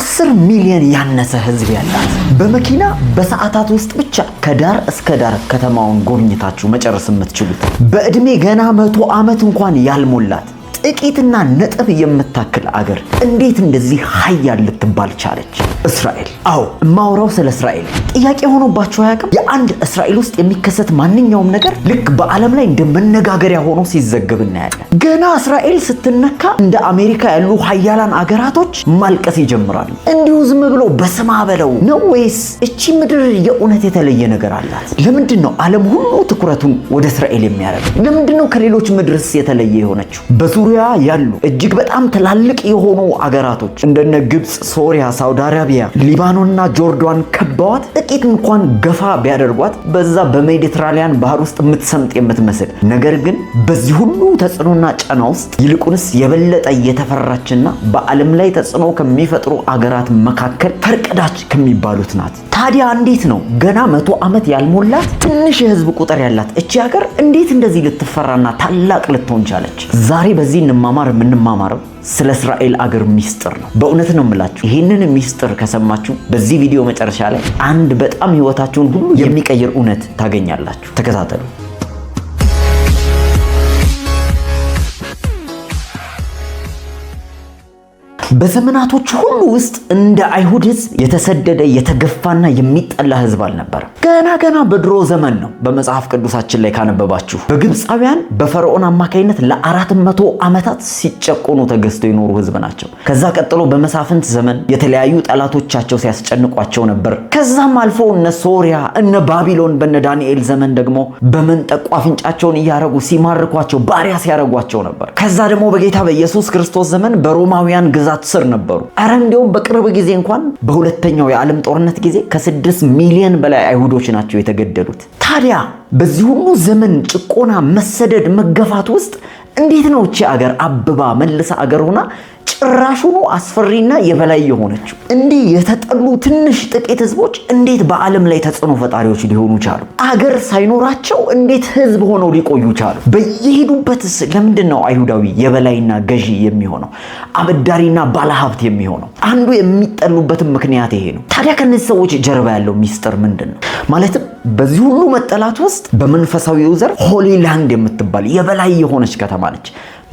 አስር ሚሊዮን ያነሰ ህዝብ ያላት በመኪና በሰዓታት ውስጥ ብቻ ከዳር እስከ ዳር ከተማውን ጎብኝታችሁ መጨረስ የምትችሉት በዕድሜ ገና መቶ ዓመት እንኳን ያልሞላት ጥቂትና ነጥብ የምታክል አገር እንዴት እንደዚህ ሀያል ልትባል ቻለች? እስራኤል። አዎ ማውራው ስለ እስራኤል ጥያቄ ሆኖባቸው አያውቅም። የአንድ እስራኤል ውስጥ የሚከሰት ማንኛውም ነገር ልክ በዓለም ላይ እንደ መነጋገሪያ ሆኖ ሲዘግብ እናያለን። ገና እስራኤል ስትነካ እንደ አሜሪካ ያሉ ሀያላን አገራቶች ማልቀስ ይጀምራሉ። እንዲሁ ዝም ብሎ በስማ በለው ነው ወይስ እቺ ምድር የእውነት የተለየ ነገር አላት? ለምንድን ነው ዓለም ሁሉ ትኩረቱን ወደ እስራኤል የሚያደርግ? ለምንድን ነው ከሌሎች ምድርስ የተለየ የሆነችው? በዙር ዙሪያ ያሉ እጅግ በጣም ትላልቅ የሆኑ አገራቶች እንደነ ግብፅ፣ ሶሪያ፣ ሳውዲ አረቢያ፣ ሊባኖንና ጆርዳን ከባዋት ጥቂት እንኳን ገፋ ቢያደርጓት በዛ በሜዲትራሊያን ባህር ውስጥ የምትሰምጥ የምትመስል ነገር ግን በዚህ ሁሉ ተጽዕኖና ጫና ውስጥ ይልቁንስ የበለጠ እየተፈራችና በዓለም ላይ ተጽዕኖ ከሚፈጥሩ አገራት መካከል ፈርቀዳች ከሚባሉት ናት። ታዲያ እንዴት ነው ገና መቶ ዓመት ያልሞላት ትንሽ የህዝብ ቁጥር ያላት እቺ ሀገር እንዴት እንደዚህ ልትፈራና ታላቅ ልትሆን ቻለች? ዛሬ በዚህ እዚህ የምንማማረው ስለ እስራኤል አገር ሚስጥር ነው። በእውነት ነው የምላችሁ። ይህንን ሚስጥር ከሰማችሁ በዚህ ቪዲዮ መጨረሻ ላይ አንድ በጣም ህይወታችሁን ሁሉ የሚቀይር እውነት ታገኛላችሁ። ተከታተሉ። በዘመናቶች ሁሉ ውስጥ እንደ አይሁድ ህዝብ የተሰደደ የተገፋና የሚጠላ ህዝብ አልነበረም። ገና ገና በድሮ ዘመን ነው። በመጽሐፍ ቅዱሳችን ላይ ካነበባችሁ በግብፃውያን በፈርዖን አማካኝነት ለአራት መቶ ዓመታት ሲጨቆኑ ተገዝተው የኖሩ ህዝብ ናቸው። ከዛ ቀጥሎ በመሳፍንት ዘመን የተለያዩ ጠላቶቻቸው ሲያስጨንቋቸው ነበር። ከዛም አልፎ እነ ሶሪያ እነ ባቢሎን በነ ዳንኤል ዘመን ደግሞ በመንጠቁ አፍንጫቸውን እያረጉ ሲማርኳቸው ባሪያ ሲያረጓቸው ነበር። ከዛ ደግሞ በጌታ በኢየሱስ ክርስቶስ ዘመን በሮማውያን ግዛት ግዛት ስር ነበሩ። አረ እንዲሁም በቅርብ ጊዜ እንኳን በሁለተኛው የዓለም ጦርነት ጊዜ ከስድስት ሚሊዮን በላይ አይሁዶች ናቸው የተገደሉት። ታዲያ በዚህ ሁሉ ዘመን ጭቆና፣ መሰደድ፣ መገፋት ውስጥ እንዴት ነው እቺ አገር አብባ መልሳ አገር ሆና ጭራሹኑ አስፈሪና የበላይ የሆነችው እንዲህ የተጠሉ ትንሽ ጥቂት ህዝቦች እንዴት በዓለም ላይ ተጽዕኖ ፈጣሪዎች ሊሆኑ ቻሉ? አገር ሳይኖራቸው እንዴት ህዝብ ሆነው ሊቆዩ ቻሉ? በየሄዱበትስ ለምንድን ነው አይሁዳዊ የበላይና ገዢ የሚሆነው አበዳሪና ባለሀብት የሚሆነው? አንዱ የሚጠሉበትም ምክንያት ይሄ ነው። ታዲያ ከነዚህ ሰዎች ጀርባ ያለው ሚስጥር ምንድን ነው ማለትም በዚህ ሁሉ መጠላት ውስጥ በመንፈሳዊው ዘርፍ ሆሊላንድ የምትባል የበላይ የሆነች ከተማ ነች።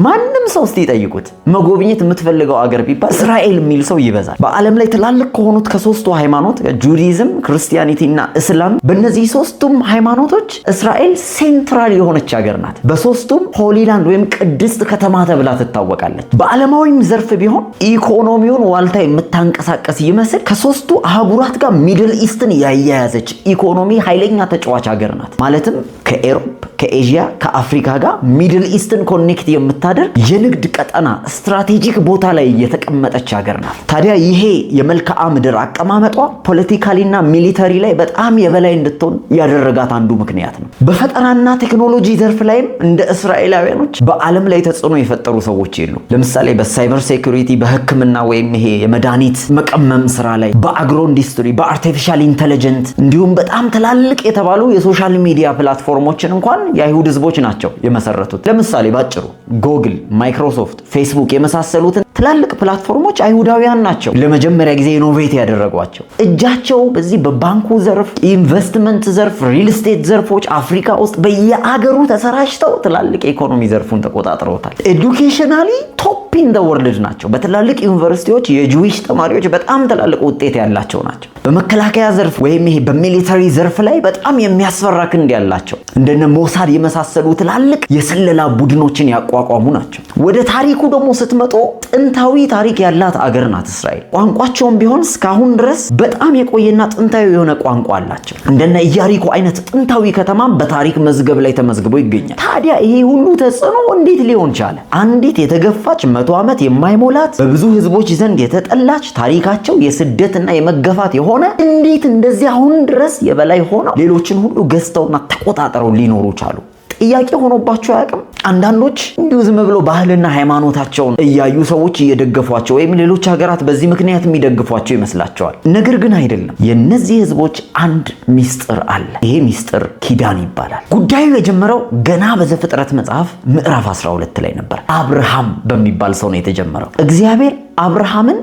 ማንም ሰው እስቲ ይጠይቁት መጎብኘት የምትፈልገው አገር ቢባል እስራኤል የሚል ሰው ይበዛል። በዓለም ላይ ትላልቅ ከሆኑት ከሶስቱ ሃይማኖት ጁዲዝም፣ ክርስቲያኒቲና እስላም፣ በእነዚህ ሶስቱም ሃይማኖቶች እስራኤል ሴንትራል የሆነች ሀገር ናት። በሶስቱም ሆሊላንድ ወይም ቅድስት ከተማ ተብላ ትታወቃለች። በዓለማዊም ዘርፍ ቢሆን ኢኮኖሚውን ዋልታ የምታንቀሳቀስ ይመስል ከሶስቱ አህጉራት ጋር ሚድል ኢስትን ያያያዘች ኢኮኖሚ ኃይለኛ ተጫዋች ሀገር ናት። ማለትም ከኤሮፕ፣ ከኤዥያ፣ ከአፍሪካ ጋር ሚድል ኢስትን ኮኔክት የምታደርግ የንግድ ቀጠና ስትራቴጂክ ቦታ ላይ የተቀመጠች ሀገር ናት። ታዲያ ይሄ የመልክዓ ምድር አቀማመጧ ፖለቲካሊና ሚሊተሪ ላይ በጣም የበላይ እንድትሆን ያደረጋት አንዱ ምክንያት ነው። በፈጠራና ቴክኖሎጂ ዘርፍ ላይም እንደ እስራኤላውያኖች በዓለም ላይ ተጽዕኖ የፈጠሩ ሰዎች የሉ። ለምሳሌ በሳይበር ሴኩሪቲ፣ በሕክምና ወይም ይሄ የመድኃኒት መቀመም ስራ ላይ፣ በአግሮ ኢንዱስትሪ፣ በአርቲፊሻል ኢንተለጀንት እንዲሁም በጣም ትላል ትልልቅ የተባሉ የሶሻል ሚዲያ ፕላትፎርሞችን እንኳን የአይሁድ ህዝቦች ናቸው የመሰረቱት። ለምሳሌ ባጭሩ ጎግል፣ ማይክሮሶፍት፣ ፌስቡክ የመሳሰሉትን ትላልቅ ፕላትፎርሞች አይሁዳውያን ናቸው ለመጀመሪያ ጊዜ ኢኖቬት ያደረጓቸው። እጃቸው በዚህ በባንኩ ዘርፍ፣ ኢንቨስትመንት ዘርፍ፣ ሪል ስቴት ዘርፎች አፍሪካ ውስጥ በየአገሩ ተሰራጭተው ትላልቅ የኢኮኖሚ ዘርፉን ተቆጣጥረውታል። ኤዱኬሽናሊ ቶፕ ኢን ዘ ወርልድ ናቸው። በትላልቅ ዩኒቨርሲቲዎች የጁዊሽ ተማሪዎች በጣም ትላልቅ ውጤት ያላቸው ናቸው። በመከላከያ ዘርፍ ወይም ይሄ በሚሊተሪ ዘርፍ ላይ በጣም የሚያስፈራ ክንድ ያላቸው እንደነ ሞሳድ የመሳሰሉ ትላልቅ የስለላ ቡድኖችን ያቋቋሙ ናቸው። ወደ ታሪኩ ደግሞ ስትመጡ ጥንታዊ ታሪክ ያላት አገር ናት እስራኤል። ቋንቋቸውም ቢሆን እስካሁን ድረስ በጣም የቆየና ጥንታዊ የሆነ ቋንቋ አላቸው። እንደነ ኢያሪኮ አይነት ጥንታዊ ከተማ በታሪክ መዝገብ ላይ ተመዝግቦ ይገኛል። ታዲያ ይሄ ሁሉ ተጽዕኖ እንዴት ሊሆን ቻለ? አንዲት የተገፋች መቶ ዓመት የማይሞላት በብዙ ህዝቦች ዘንድ የተጠላች ታሪካቸው የስደትና የመገፋት የሆነ እንዴት እንደዚህ አሁን ድረስ የበላይ ሆነው ሌሎችን ሁሉ ገዝተውና ተቆጣጥረው ሊኖሩ ቻሉ? ጥያቄ ሆኖባቸው አያውቅም? አንዳንዶች እንዲሁ ዝም ብሎ ባህልና ሃይማኖታቸውን እያዩ ሰዎች እየደገፏቸው ወይም ሌሎች ሀገራት በዚህ ምክንያት የሚደግፏቸው ይመስላቸዋል። ነገር ግን አይደለም። የእነዚህ ህዝቦች አንድ ሚስጥር አለ። ይሄ ሚስጥር ኪዳን ይባላል። ጉዳዩ የጀመረው ገና በዘፍጥረት መጽሐፍ ምዕራፍ 12 ላይ ነበር። አብርሃም በሚባል ሰው ነው የተጀመረው። እግዚአብሔር አብርሃምን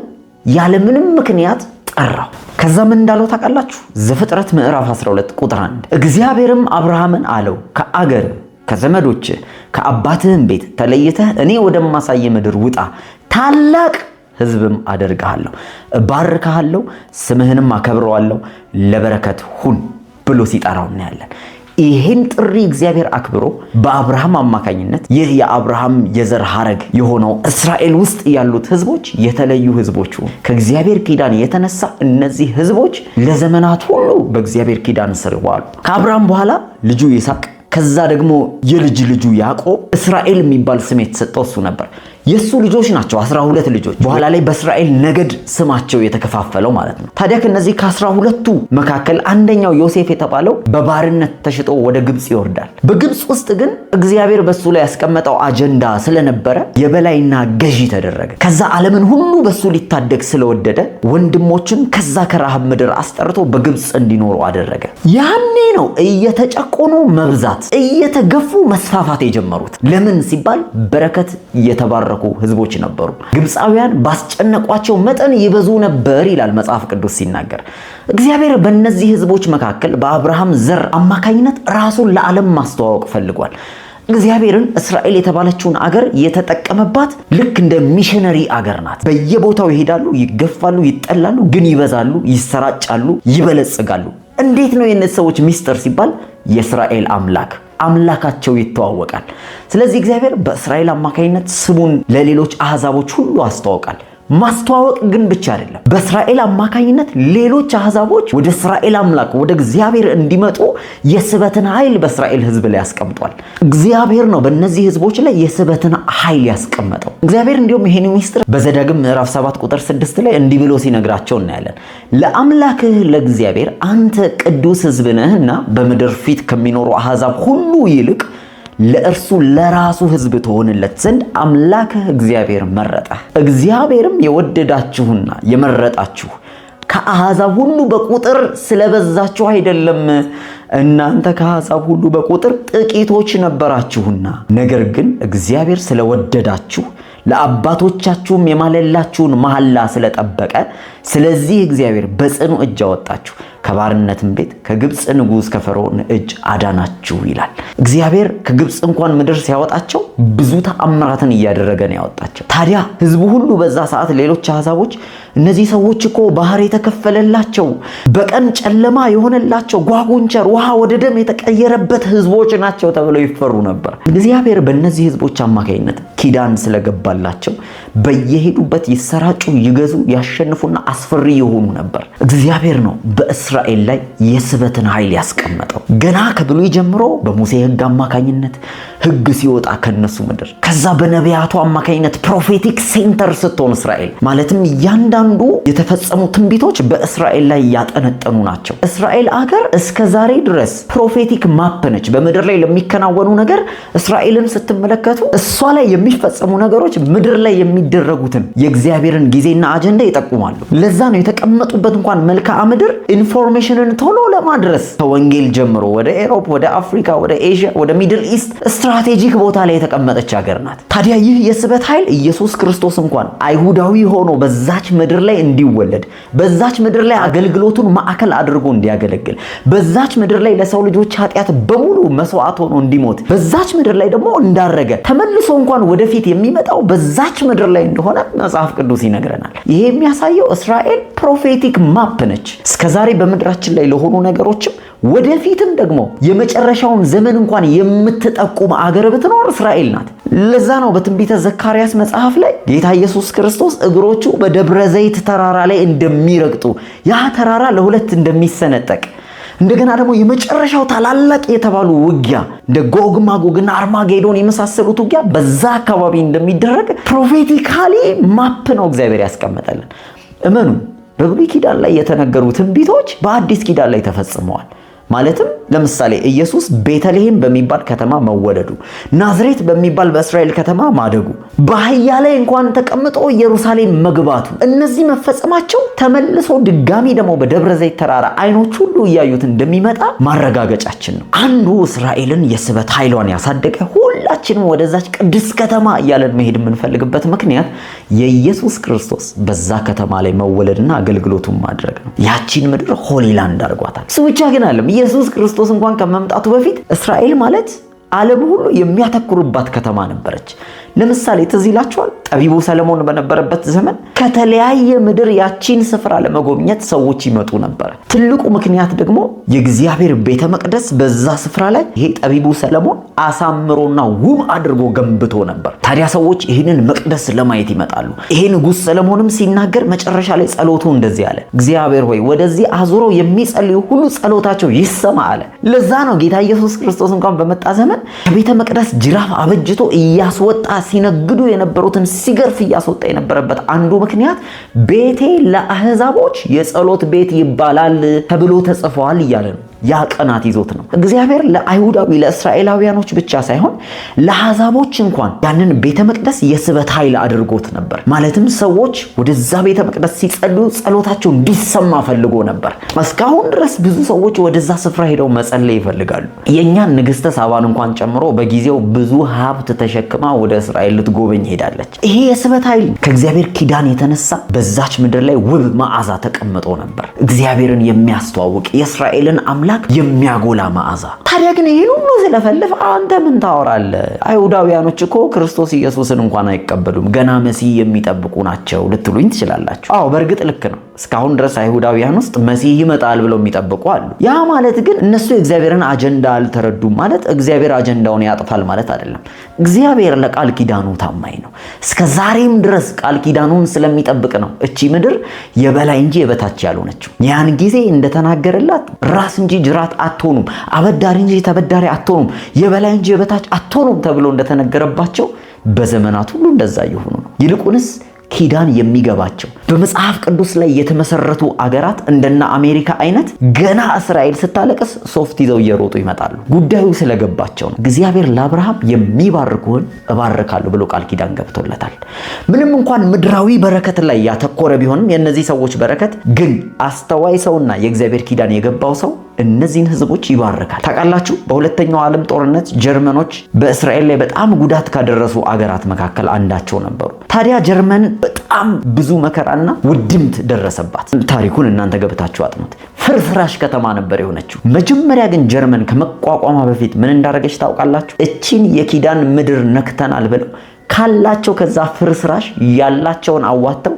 ያለምንም ምክንያት ጠራው። ከዛ ምን እንዳለው ታውቃላችሁ? ዘፍጥረት ምዕራፍ 12 ቁጥር 1 እግዚአብሔርም አብርሃምን አለው ከአገር ከዘመዶች ከአባትህም ቤት ተለይተህ እኔ ወደማሳይ ምድር ውጣ፣ ታላቅ ሕዝብም አደርግሃለሁ፣ እባርካሃለሁ፣ ስምህንም አከብረዋለሁ፣ ለበረከት ሁን ብሎ ሲጠራው እናያለን። ይህን ጥሪ እግዚአብሔር አክብሮ በአብርሃም አማካኝነት ይህ የአብርሃም የዘር ሐረግ የሆነው እስራኤል ውስጥ ያሉት ህዝቦች የተለዩ ህዝቦች ከእግዚአብሔር ኪዳን የተነሳ እነዚህ ህዝቦች ለዘመናት ሁሉ በእግዚአብሔር ኪዳን ስር ዋሉ። ከአብርሃም በኋላ ልጁ ይስሐቅ ከዛ ደግሞ የልጅ ልጁ ያዕቆብ እስራኤል የሚባል ስም የተሰጠው እሱ ነበር። የእሱ ልጆች ናቸው አስራ ሁለት ልጆች በኋላ ላይ በእስራኤል ነገድ ስማቸው የተከፋፈለው ማለት ነው። ታዲያ ከነዚህ ከአስራ ሁለቱ መካከል አንደኛው ዮሴፍ የተባለው በባርነት ተሽጦ ወደ ግብፅ ይወርዳል። በግብፅ ውስጥ ግን እግዚአብሔር በሱ ላይ ያስቀመጠው አጀንዳ ስለነበረ የበላይና ገዢ ተደረገ። ከዛ ዓለምን ሁሉ በሱ ሊታደግ ስለወደደ ወንድሞችን ከዛ ከረሃብ ምድር አስጠርቶ በግብፅ እንዲኖሩ አደረገ። ያኔ ነው እየተጨቆኑ መብዛት፣ እየተገፉ መስፋፋት የጀመሩት። ለምን ሲባል በረከት እየተባረ የተማረኩ ህዝቦች ነበሩ። ግብፃውያን ባስጨነቋቸው መጠን ይበዙ ነበር ይላል መጽሐፍ ቅዱስ ሲናገር። እግዚአብሔር በእነዚህ ህዝቦች መካከል በአብርሃም ዘር አማካኝነት ራሱን ለዓለም ማስተዋወቅ ፈልጓል። እግዚአብሔርን እስራኤል የተባለችውን አገር የተጠቀመባት ልክ እንደ ሚሽነሪ አገር ናት። በየቦታው ይሄዳሉ፣ ይገፋሉ፣ ይጠላሉ፣ ግን ይበዛሉ፣ ይሰራጫሉ፣ ይበለጽጋሉ። እንዴት ነው የእነዚህ ሰዎች ሚስጥር ሲባል የእስራኤል አምላክ አምላካቸው ይተዋወቃል። ስለዚህ እግዚአብሔር በእስራኤል አማካኝነት ስሙን ለሌሎች አህዛቦች ሁሉ አስተዋውቃል። ማስተዋወቅ ግን ብቻ አይደለም። በእስራኤል አማካኝነት ሌሎች አህዛቦች ወደ እስራኤል አምላክ ወደ እግዚአብሔር እንዲመጡ የስበትን ኃይል በእስራኤል ህዝብ ላይ ያስቀምጧል። እግዚአብሔር ነው በእነዚህ ህዝቦች ላይ የስበትን ኃይል ያስቀመጠው። እግዚአብሔር እንዲሁም ይህን ሚስጥር በዘዳግም ምዕራፍ 7 ቁጥር 6 ላይ እንዲህ ብሎ ሲነግራቸው እናያለን። ለአምላክህ ለእግዚአብሔር አንተ ቅዱስ ሕዝብ ነህና በምድር ፊት ከሚኖሩ አህዛብ ሁሉ ይልቅ ለእርሱ ለራሱ ሕዝብ ትሆንለት ዘንድ አምላክህ እግዚአብሔር መረጠ እግዚአብሔርም የወደዳችሁና የመረጣችሁ ከአሕዛብ ሁሉ በቁጥር ስለበዛችሁ አይደለም፣ እናንተ ከአሕዛብ ሁሉ በቁጥር ጥቂቶች ነበራችሁና። ነገር ግን እግዚአብሔር ስለወደዳችሁ ለአባቶቻችሁም የማለላችሁን መሐላ ስለጠበቀ፣ ስለዚህ እግዚአብሔር በጽኑ እጅ አወጣችሁ። ከባርነትም ቤት ከግብፅ ንጉሥ ከፈርዖን እጅ አዳናችሁ ይላል። እግዚአብሔር ከግብፅ እንኳን ምድር ሲያወጣቸው ብዙ ተአምራትን እያደረገ ነው ያወጣቸው። ታዲያ ህዝቡ ሁሉ በዛ ሰዓት ሌሎች አሕዛቦች እነዚህ ሰዎች እኮ ባህር የተከፈለላቸው በቀን ጨለማ የሆነላቸው ጓጉንቸር ውሃ ወደ ደም የተቀየረበት ህዝቦች ናቸው ተብለው ይፈሩ ነበር። እግዚአብሔር በእነዚህ ህዝቦች አማካኝነት ኪዳን ስለገባላቸው በየሄዱበት ይሰራጩ፣ ይገዙ፣ ያሸንፉና አስፈሪ የሆኑ ነበር። እግዚአብሔር ነው በእስ በእስራኤል ላይ የስበትን ኃይል ያስቀመጠው ገና ከብሉይ ጀምሮ በሙሴ ሕግ አማካኝነት ሕግ ሲወጣ ከነሱ ምድር ከዛ በነቢያቱ አማካኝነት ፕሮፌቲክ ሴንተር ስትሆን እስራኤል ማለትም እያንዳንዱ የተፈጸሙ ትንቢቶች በእስራኤል ላይ እያጠነጠኑ ናቸው። እስራኤል አገር እስከ ዛሬ ድረስ ፕሮፌቲክ ማፕ ነች። በምድር ላይ ለሚከናወኑ ነገር እስራኤልን ስትመለከቱ እሷ ላይ የሚፈጸሙ ነገሮች ምድር ላይ የሚደረጉትን የእግዚአብሔርን ጊዜና አጀንዳ ይጠቁማሉ። ለዛ ነው የተቀመጡበት እንኳን መልክዓ ምድር ኢንፎ ኢንፎርሜሽንን ቶሎ ለማድረስ ከወንጌል ጀምሮ ወደ ኤሮፕ፣ ወደ አፍሪካ፣ ወደ ኤዥያ፣ ወደ ሚድል ኢስት ስትራቴጂክ ቦታ ላይ የተቀመጠች ሀገር ናት። ታዲያ ይህ የስበት ኃይል ኢየሱስ ክርስቶስ እንኳን አይሁዳዊ ሆኖ በዛች ምድር ላይ እንዲወለድ፣ በዛች ምድር ላይ አገልግሎቱን ማዕከል አድርጎ እንዲያገለግል፣ በዛች ምድር ላይ ለሰው ልጆች ኃጢአት በሙሉ መስዋዕት ሆኖ እንዲሞት፣ በዛች ምድር ላይ ደግሞ እንዳረገ ተመልሶ እንኳን ወደፊት የሚመጣው በዛች ምድር ላይ እንደሆነ መጽሐፍ ቅዱስ ይነግረናል። ይሄ የሚያሳየው እስራኤል ፕሮፌቲክ ማፕ ነች እስከዛሬ በምድራችን ላይ ለሆኑ ነገሮችም ወደፊትም ደግሞ የመጨረሻውን ዘመን እንኳን የምትጠቁም አገር ብትኖር እስራኤል ናት። ለዛ ነው በትንቢተ ዘካርያስ መጽሐፍ ላይ ጌታ ኢየሱስ ክርስቶስ እግሮቹ በደብረ ዘይት ተራራ ላይ እንደሚረግጡ ያ ተራራ ለሁለት እንደሚሰነጠቅ እንደገና ደግሞ የመጨረሻው ታላላቅ የተባሉ ውጊያ እንደ ጎግ ማጎግና አርማጌዶን የመሳሰሉት ውጊያ በዛ አካባቢ እንደሚደረግ ፕሮፌቲካሊ ማፕ ነው እግዚአብሔር ያስቀመጠልን። እመኑ። በብሉይ ኪዳን ላይ የተነገሩ ትንቢቶች በአዲስ ኪዳን ላይ ተፈጽመዋል። ማለትም ለምሳሌ ኢየሱስ ቤተልሔም በሚባል ከተማ መወለዱ፣ ናዝሬት በሚባል በእስራኤል ከተማ ማደጉ፣ በአህያ ላይ እንኳን ተቀምጦ ኢየሩሳሌም መግባቱ፣ እነዚህ መፈጸማቸው ተመልሶ ድጋሚ ደግሞ በደብረ ዘይት ተራራ አይኖች ሁሉ እያዩት እንደሚመጣ ማረጋገጫችን ነው። አንዱ እስራኤልን የስበት ኃይሏን ያሳደገ ሁላችንም ወደዛች ቅድስት ከተማ እያለን መሄድ የምንፈልግበት ምክንያት የኢየሱስ ክርስቶስ በዛ ከተማ ላይ መወለድና አገልግሎቱን ማድረግ ነው። ያቺን ምድር ሆሊላንድ አድርጓታል። እሱ ብቻ ግን አለም ኢየሱስ ክርስቶስ እንኳን ከመምጣቱ በፊት እስራኤል ማለት ዓለም ሁሉ የሚያተኩሩባት ከተማ ነበረች። ለምሳሌ ትዝ ይላችኋል፣ ጠቢቡ ሰለሞን በነበረበት ዘመን ከተለያየ ምድር ያቺን ስፍራ ለመጎብኘት ሰዎች ይመጡ ነበረ። ትልቁ ምክንያት ደግሞ የእግዚአብሔር ቤተ መቅደስ በዛ ስፍራ ላይ ይሄ ጠቢቡ ሰለሞን አሳምሮና ውብ አድርጎ ገንብቶ ነበር። ታዲያ ሰዎች ይህንን መቅደስ ለማየት ይመጣሉ። ይሄ ንጉሥ ሰለሞንም ሲናገር መጨረሻ ላይ ጸሎቱ እንደዚህ አለ፣ እግዚአብሔር ሆይ ወደዚህ አዙረው የሚጸልዩ ሁሉ ጸሎታቸው ይሰማ አለ። ለዛ ነው ጌታ ኢየሱስ ክርስቶስ እንኳን በመጣ ዘመን ከቤተ መቅደስ ጅራፍ አበጅቶ እያስወጣ ሲነግዱ የነበሩትን ሲገርፍ እያስወጣ የነበረበት አንዱ ምክንያት ቤቴ ለአህዛቦች የጸሎት ቤት ይባላል ተብሎ ተጽፏል እያለ ነው። ያ ቀናት ይዞት ነው። እግዚአብሔር ለአይሁዳዊ ለእስራኤላውያኖች ብቻ ሳይሆን ለአሕዛቦች እንኳን ያንን ቤተ መቅደስ የስበት ኃይል አድርጎት ነበር። ማለትም ሰዎች ወደዛ ቤተ መቅደስ ሲጸሉ ጸሎታቸው እንዲሰማ ፈልጎ ነበር። እስካሁን ድረስ ብዙ ሰዎች ወደዛ ስፍራ ሄደው መጸለይ ይፈልጋሉ። የእኛን ንግሥተ ሳባን እንኳን ጨምሮ በጊዜው ብዙ ሀብት ተሸክማ ወደ እስራኤል ልትጎበኝ ሄዳለች። ይሄ የስበት ኃይል ከእግዚአብሔር ኪዳን የተነሳ በዛች ምድር ላይ ውብ መዓዛ ተቀምጦ ነበር። እግዚአብሔርን የሚያስተዋውቅ የእስራኤልን አምላክ የሚያናቅ የሚያጎላ መዓዛ። ታዲያ ግን ይህን ሁሉ ስለፈልፍ አንተ ምን ታወራለህ? አይሁዳውያኖች እኮ ክርስቶስ ኢየሱስን እንኳን አይቀበሉም፣ ገና መሲህ የሚጠብቁ ናቸው ልትሉኝ ትችላላችሁ። አዎ በእርግጥ ልክ ነው። እስካሁን ድረስ አይሁዳውያን ውስጥ መሲህ ይመጣል ብለው የሚጠብቁ አሉ። ያ ማለት ግን እነሱ የእግዚአብሔርን አጀንዳ አልተረዱም ማለት እግዚአብሔር አጀንዳውን ያጥፋል ማለት አይደለም። እግዚአብሔር ለቃል ኪዳኑ ታማኝ ነው። እስከ ዛሬም ድረስ ቃል ኪዳኑን ስለሚጠብቅ ነው እቺ ምድር የበላይ እንጂ የበታች ያልሆነችው። ያን ጊዜ እንደተናገረላት ራስ እንጂ ጅራት አትሆኑም፣ አበዳሪ እንጂ ተበዳሪ አትሆኑም፣ የበላይ እንጂ የበታች አትሆኑም ተብሎ እንደተነገረባቸው በዘመናት ሁሉ እንደዛ የሆኑ ነው። ይልቁንስ ኪዳን የሚገባቸው በመጽሐፍ ቅዱስ ላይ የተመሰረቱ አገራት እንደነ አሜሪካ አይነት ገና እስራኤል ስታለቅስ ሶፍት ይዘው እየሮጡ ይመጣሉ። ጉዳዩ ስለገባቸው ነው። እግዚአብሔር ለአብርሃም የሚባርኩህን እባርካለሁ ብሎ ቃል ኪዳን ገብቶለታል። ምንም እንኳን ምድራዊ በረከት ላይ ያተኮረ ቢሆንም የእነዚህ ሰዎች በረከት ግን አስተዋይ ሰውና የእግዚአብሔር ኪዳን የገባው ሰው እነዚህን ህዝቦች ይባርካል። ታውቃላችሁ፣ በሁለተኛው ዓለም ጦርነት ጀርመኖች በእስራኤል ላይ በጣም ጉዳት ካደረሱ አገራት መካከል አንዳቸው ነበሩ። ታዲያ ጀርመን በጣም ብዙ መከራና ውድምት ደረሰባት። ታሪኩን እናንተ ገብታችሁ አጥኑት። ፍርፍራሽ ከተማ ነበር የሆነችው። መጀመሪያ ግን ጀርመን ከመቋቋሟ በፊት ምን እንዳደረገች ታውቃላችሁ? እቺን የኪዳን ምድር ነክተናል ብለው ካላቸው ከዛ ፍርስራሽ ያላቸውን አዋተው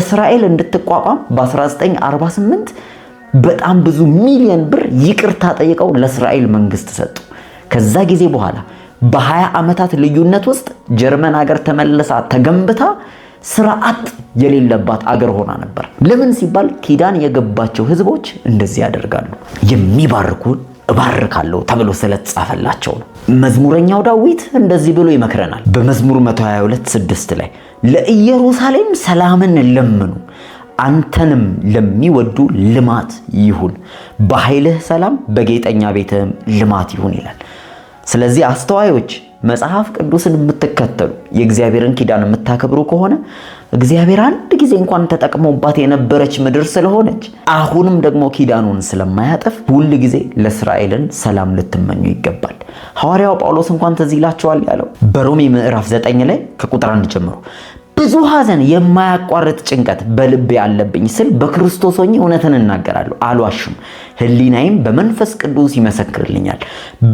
እስራኤል እንድትቋቋም በ1948 በጣም ብዙ ሚሊዮን ብር ይቅርታ ጠይቀው ለእስራኤል መንግስት ሰጡ። ከዛ ጊዜ በኋላ በ20 ዓመታት ልዩነት ውስጥ ጀርመን ሀገር ተመልሳ ተገንብታ ስርዓት የሌለባት አገር ሆና ነበር። ለምን ሲባል ኪዳን የገባቸው ህዝቦች እንደዚህ ያደርጋሉ። የሚባርኩን እባርካለሁ ተብሎ ስለተጻፈላቸው ነው። መዝሙረኛው ዳዊት እንደዚህ ብሎ ይመክረናል በመዝሙር 122 6 ላይ ለኢየሩሳሌም ሰላምን ለምኑ አንተንም ለሚወዱ ልማት ይሁን፣ በኃይልህ ሰላም፣ በጌጠኛ ቤትህም ልማት ይሁን ይላል። ስለዚህ አስተዋዮች መጽሐፍ ቅዱስን የምትከተሉ የእግዚአብሔርን ኪዳን የምታከብሩ ከሆነ እግዚአብሔር አንድ ጊዜ እንኳን ተጠቅሞባት የነበረች ምድር ስለሆነች አሁንም ደግሞ ኪዳኑን ስለማያጠፍ ሁል ጊዜ ለእስራኤልን ሰላም ልትመኙ ይገባል። ሐዋርያው ጳውሎስ እንኳን ትዝ ይላቸዋል ያለው በሮሜ ምዕራፍ 9 ላይ ከቁጥር አንድ ጀምሮ ብዙ ሐዘን፣ የማያቋርጥ ጭንቀት በልቤ አለብኝ ስል በክርስቶስ ሆኜ እውነትን እናገራለሁ፣ አልዋሽም። ህሊናይም በመንፈስ ቅዱስ ይመሰክርልኛል።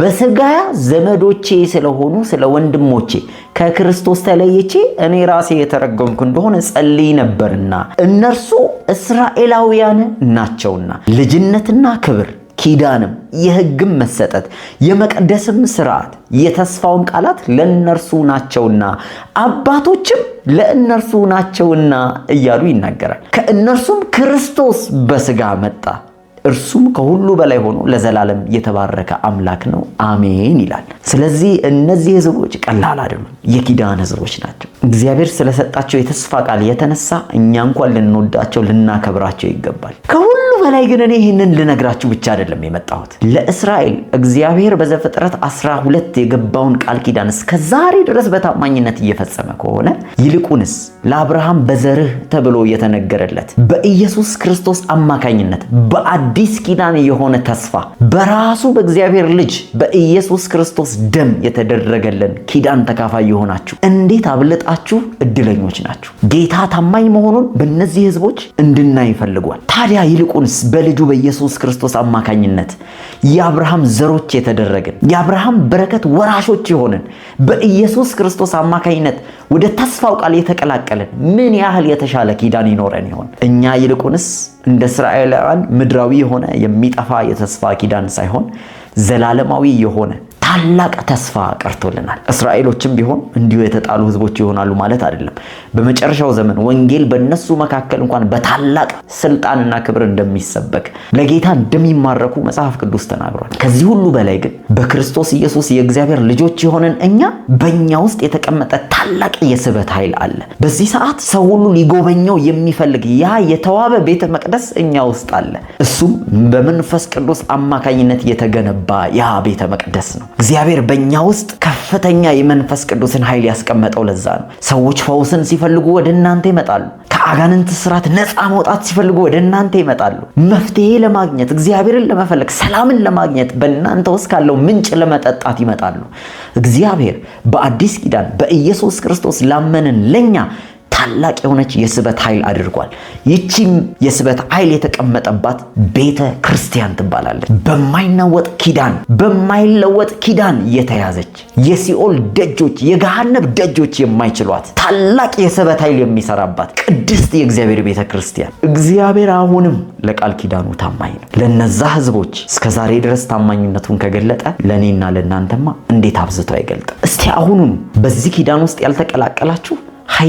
በስጋ ዘመዶቼ ስለሆኑ ስለ ወንድሞቼ ከክርስቶስ ተለይቼ እኔ ራሴ የተረገምኩ እንደሆነ ጸልይ ነበርና እነርሱ እስራኤላውያን ናቸውና ልጅነትና ክብር ኪዳንም የሕግም መሰጠት የመቅደስም ስርዓት የተስፋውም ቃላት ለእነርሱ ናቸውና አባቶችም ለእነርሱ ናቸውና እያሉ ይናገራል። ከእነርሱም ክርስቶስ በስጋ መጣ፣ እርሱም ከሁሉ በላይ ሆኖ ለዘላለም የተባረከ አምላክ ነው፣ አሜን ይላል። ስለዚህ እነዚህ ህዝቦች ቀላል አይደሉም፣ የኪዳን ህዝቦች ናቸው። እግዚአብሔር ስለሰጣቸው የተስፋ ቃል የተነሳ እኛ እንኳን ልንወዳቸው ልናከብራቸው ይገባል። በላይ ግን እኔ ይህንን ልነግራችሁ ብቻ አይደለም የመጣሁት። ለእስራኤል እግዚአብሔር በዘፍጥረት 12 የገባውን ቃል ኪዳን እስከ ዛሬ ድረስ በታማኝነት እየፈጸመ ከሆነ ይልቁንስ ለአብርሃም በዘርህ ተብሎ የተነገረለት በኢየሱስ ክርስቶስ አማካኝነት በአዲስ ኪዳን የሆነ ተስፋ በራሱ በእግዚአብሔር ልጅ በኢየሱስ ክርስቶስ ደም የተደረገለን ኪዳን ተካፋይ የሆናችሁ እንዴት አብልጣችሁ እድለኞች ናችሁ! ጌታ ታማኝ መሆኑን በእነዚህ ህዝቦች እንድናይ ይፈልጓል። ታዲያ ይልቁን በልጁ በኢየሱስ ክርስቶስ አማካኝነት የአብርሃም ዘሮች የተደረግን የአብርሃም በረከት ወራሾች የሆንን በኢየሱስ ክርስቶስ አማካኝነት ወደ ተስፋው ቃል የተቀላቀልን ምን ያህል የተሻለ ኪዳን ይኖረን ይሆን? እኛ ይልቁንስ እንደ እስራኤላውያን ምድራዊ የሆነ የሚጠፋ የተስፋ ኪዳን ሳይሆን ዘላለማዊ የሆነ ታላቅ ተስፋ ቀርቶልናል። እስራኤሎችም ቢሆን እንዲሁ የተጣሉ ህዝቦች ይሆናሉ ማለት አይደለም። በመጨረሻው ዘመን ወንጌል በእነሱ መካከል እንኳን በታላቅ ስልጣንና ክብር እንደሚሰበክ ለጌታ እንደሚማረኩ መጽሐፍ ቅዱስ ተናግሯል። ከዚህ ሁሉ በላይ ግን በክርስቶስ ኢየሱስ የእግዚአብሔር ልጆች የሆንን እኛ በእኛ ውስጥ የተቀመጠ ታላቅ የስበት ኃይል አለ። በዚህ ሰዓት ሰው ሁሉ ሊጎበኘው የሚፈልግ ያ የተዋበ ቤተ መቅደስ እኛ ውስጥ አለ። እሱም በመንፈስ ቅዱስ አማካኝነት የተገነባ ያ ቤተ መቅደስ ነው። እግዚአብሔር በእኛ ውስጥ ከፍተኛ የመንፈስ ቅዱስን ኃይል ያስቀመጠው ለዛ ነው። ሰዎች ፈውስን ሲፈልጉ ወደ እናንተ ይመጣሉ። ከአጋንንት ስርዓት ነፃ መውጣት ሲፈልጉ ወደ እናንተ ይመጣሉ። መፍትሄ ለማግኘት እግዚአብሔርን ለመፈለግ ሰላምን ለማግኘት በእናንተ ውስጥ ካለው ምንጭ ለመጠጣት ይመጣሉ። እግዚአብሔር በአዲስ ኪዳን በኢየሱስ ክርስቶስ ላመንን ለኛ ታላቅ የሆነች የስበት ኃይል አድርጓል። ይቺም የስበት ኃይል የተቀመጠባት ቤተ ክርስቲያን ትባላለች። በማይናወጥ ኪዳን በማይለወጥ ኪዳን የተያዘች የሲኦል ደጆች የገሃነብ ደጆች የማይችሏት ታላቅ የስበት ኃይል የሚሰራባት ቅድስት የእግዚአብሔር ቤተ ክርስቲያን። እግዚአብሔር አሁንም ለቃል ኪዳኑ ታማኝ ነው። ለነዛ ህዝቦች እስከዛሬ ድረስ ታማኝነቱን ከገለጠ ለእኔና ለእናንተማ እንዴት አብዝቶ አይገልጥም? እስቲ አሁኑን በዚህ ኪዳን ውስጥ ያልተቀላቀላችሁ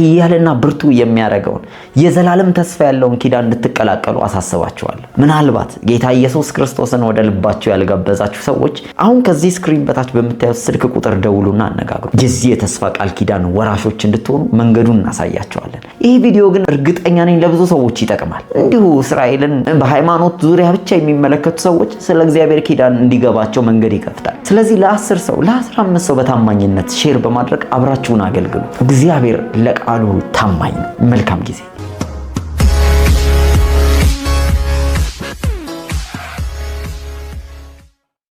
ኃያልና ብርቱ የሚያደርገውን የዘላለም ተስፋ ያለውን ኪዳን እንድትቀላቀሉ አሳስባችኋል። ምናልባት ጌታ ኢየሱስ ክርስቶስን ወደ ልባችሁ ያልጋበዛችሁ ሰዎች አሁን ከዚህ ስክሪን በታች በምታዩት ስልክ ቁጥር ደውሉና አነጋግሩ። የዚህ የተስፋ ቃል ኪዳን ወራሾች እንድትሆኑ መንገዱን እናሳያቸዋለን። ይህ ቪዲዮ ግን እርግጠኛ ነኝ ለብዙ ሰዎች ይጠቅማል። እንዲሁ እስራኤልን በሃይማኖት ዙሪያ ብቻ የሚመለከቱ ሰዎች ስለ እግዚአብሔር ኪዳን እንዲገባቸው መንገድ ይከፍታል። ስለዚህ ለአስር ሰው ለአስራ አምስት ሰው በታማኝነት ሼር በማድረግ አብራችሁን አገልግሉ። እግዚአብሔር ለቃሉ ታማኝ ነው። መልካም ጊዜ